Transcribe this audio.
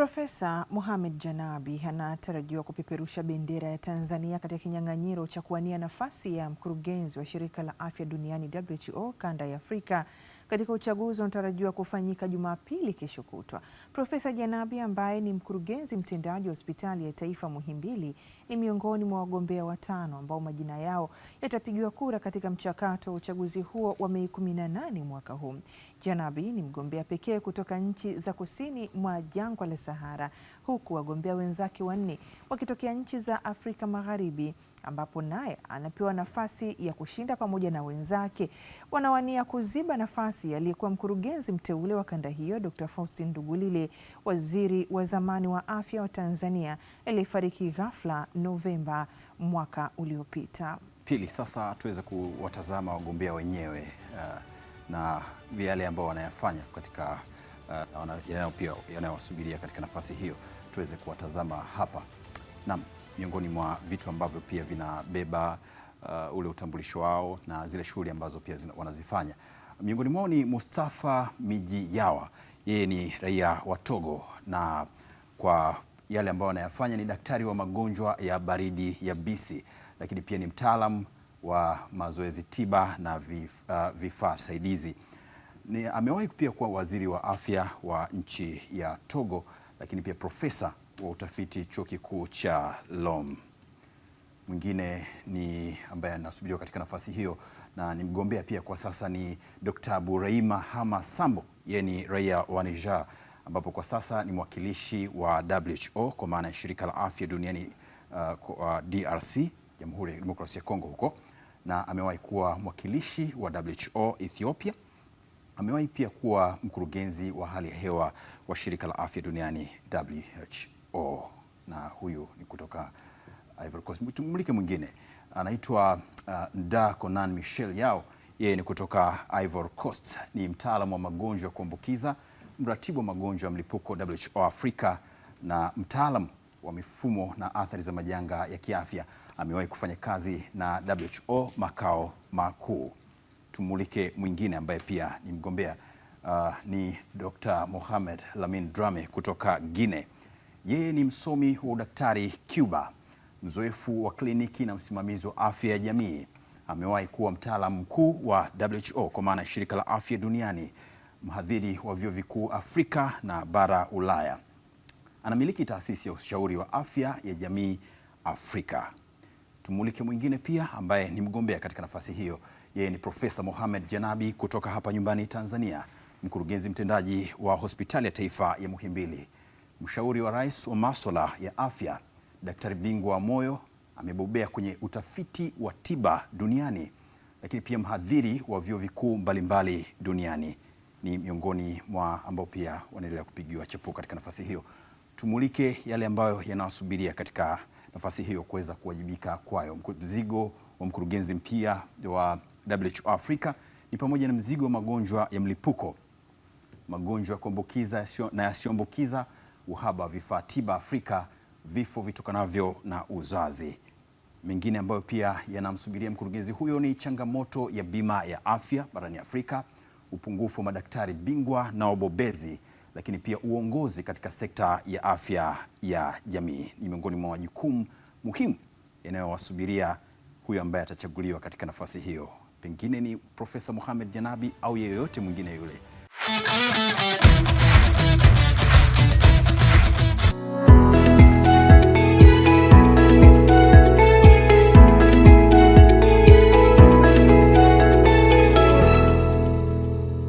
Profesa Mohamed Janabi anatarajiwa kupeperusha bendera ya Tanzania katika kinyang'anyiro cha kuwania nafasi ya mkurugenzi wa Shirika la Afya Duniani WHO Kanda ya Afrika katika uchaguzi unatarajiwa kufanyika Jumapili kesho kutwa. Profesa Janabi ambaye ni mkurugenzi mtendaji wa hospitali ya taifa Muhimbili ni miongoni mwa wagombea watano ambao majina yao yatapigiwa kura katika mchakato wa uchaguzi huo wa Mei 18 mwaka huu. Janabi ni mgombea pekee kutoka nchi za kusini mwa jangwa la Sahara, huku wagombea wenzake wanne wakitokea nchi za Afrika Magharibi, ambapo naye anapewa nafasi ya kushinda pamoja na wenzake wanawania kuziba nafasi Alhamisi aliyekuwa mkurugenzi mteule wa kanda hiyo Dr. Faustin Ndugulile, waziri wa zamani wa afya wa Tanzania aliyefariki ghafla Novemba mwaka uliopita. Pili, sasa tuweze kuwatazama wagombea wenyewe uh, na yale ambao wanayafanya katika uh, pia yanayowasubiria katika nafasi hiyo tuweze kuwatazama hapa. Naam, miongoni mwa vitu ambavyo pia vinabeba uh, ule utambulisho wao na zile shughuli ambazo pia wanazifanya. Miongoni mwao ni Mustafa Mijiyawa, yeye ni raia wa Togo na kwa yale ambayo anayafanya ni daktari wa magonjwa ya baridi yabisi, lakini pia ni mtaalamu wa mazoezi tiba na vif, uh, vifaa saidizi. Ni amewahi pia kuwa waziri wa afya wa nchi ya Togo, lakini pia profesa wa utafiti chuo kikuu cha Lom mwingine ni ambaye anasubiriwa katika nafasi hiyo na ni mgombea pia kwa sasa ni Dr. Buraima Hama Sambo, yeye ni raia wa Niger, ambapo kwa sasa ni mwakilishi wa WHO kwa maana ya shirika la afya duniani uh, uh DRC, Jamhuri ya Demokrasia ya Kongo huko, na amewahi kuwa mwakilishi wa WHO Ethiopia. Amewahi pia kuwa mkurugenzi wa hali ya hewa wa shirika la afya duniani WHO, na huyu ni kutoka Ivory Coast. Mmiliki mwingine anaitwa uh, Nda Konan Michel Yao, yeye ni kutoka Ivory Coast, ni mtaalamu wa magonjwa ya kuambukiza, mratibu wa magonjwa ya mlipuko WHO Afrika na mtaalamu wa mifumo na athari za majanga ya kiafya. Amewahi kufanya kazi na WHO makao makuu. Tumulike mwingine ambaye pia ni mgombea uh, ni Dr. Mohamed Lamin Drame kutoka Guinea. Yeye ni msomi wa udaktari Cuba mzoefu wa kliniki na msimamizi wa afya ya jamii. Amewahi kuwa mtaalamu mkuu wa WHO kwa maana ya shirika la afya duniani, mhadhiri wa vyuo vikuu Afrika na bara Ulaya. Anamiliki taasisi ya ushauri wa afya ya jamii Afrika. Tumulike mwingine pia ambaye ni mgombea katika nafasi hiyo, yeye ni Profesa Mohamed Janabi kutoka hapa nyumbani Tanzania, mkurugenzi mtendaji wa hospitali ya taifa ya Muhimbili, mshauri wa rais wa masuala ya afya daktari bingwa wa moyo, amebobea kwenye utafiti wa tiba duniani, lakini pia mhadhiri wa vyuo vikuu mbalimbali duniani. Ni miongoni mwa ambao pia wanaendelea kupigiwa chapuo katika nafasi hiyo. Tumulike yale ambayo yanawasubiria katika nafasi hiyo kuweza kuwajibika kwayo. Mzigo wa mkurugenzi mpya wa WHO Africa ni pamoja na mzigo wa magonjwa ya mlipuko, magonjwa ya kuambukiza na yasiyoambukiza, uhaba wa vifaa tiba Afrika vifo vitokanavyo na uzazi. Mengine ambayo pia yanamsubiria mkurugenzi huyo ni changamoto ya bima ya afya barani Afrika, upungufu wa madaktari bingwa na wabobezi, lakini pia uongozi katika sekta ya afya ya jamii ni miongoni mwa majukumu muhimu yanayowasubiria huyo ambaye atachaguliwa katika nafasi hiyo, pengine ni Profesa Mohamed Janabi au yeyote mwingine yule.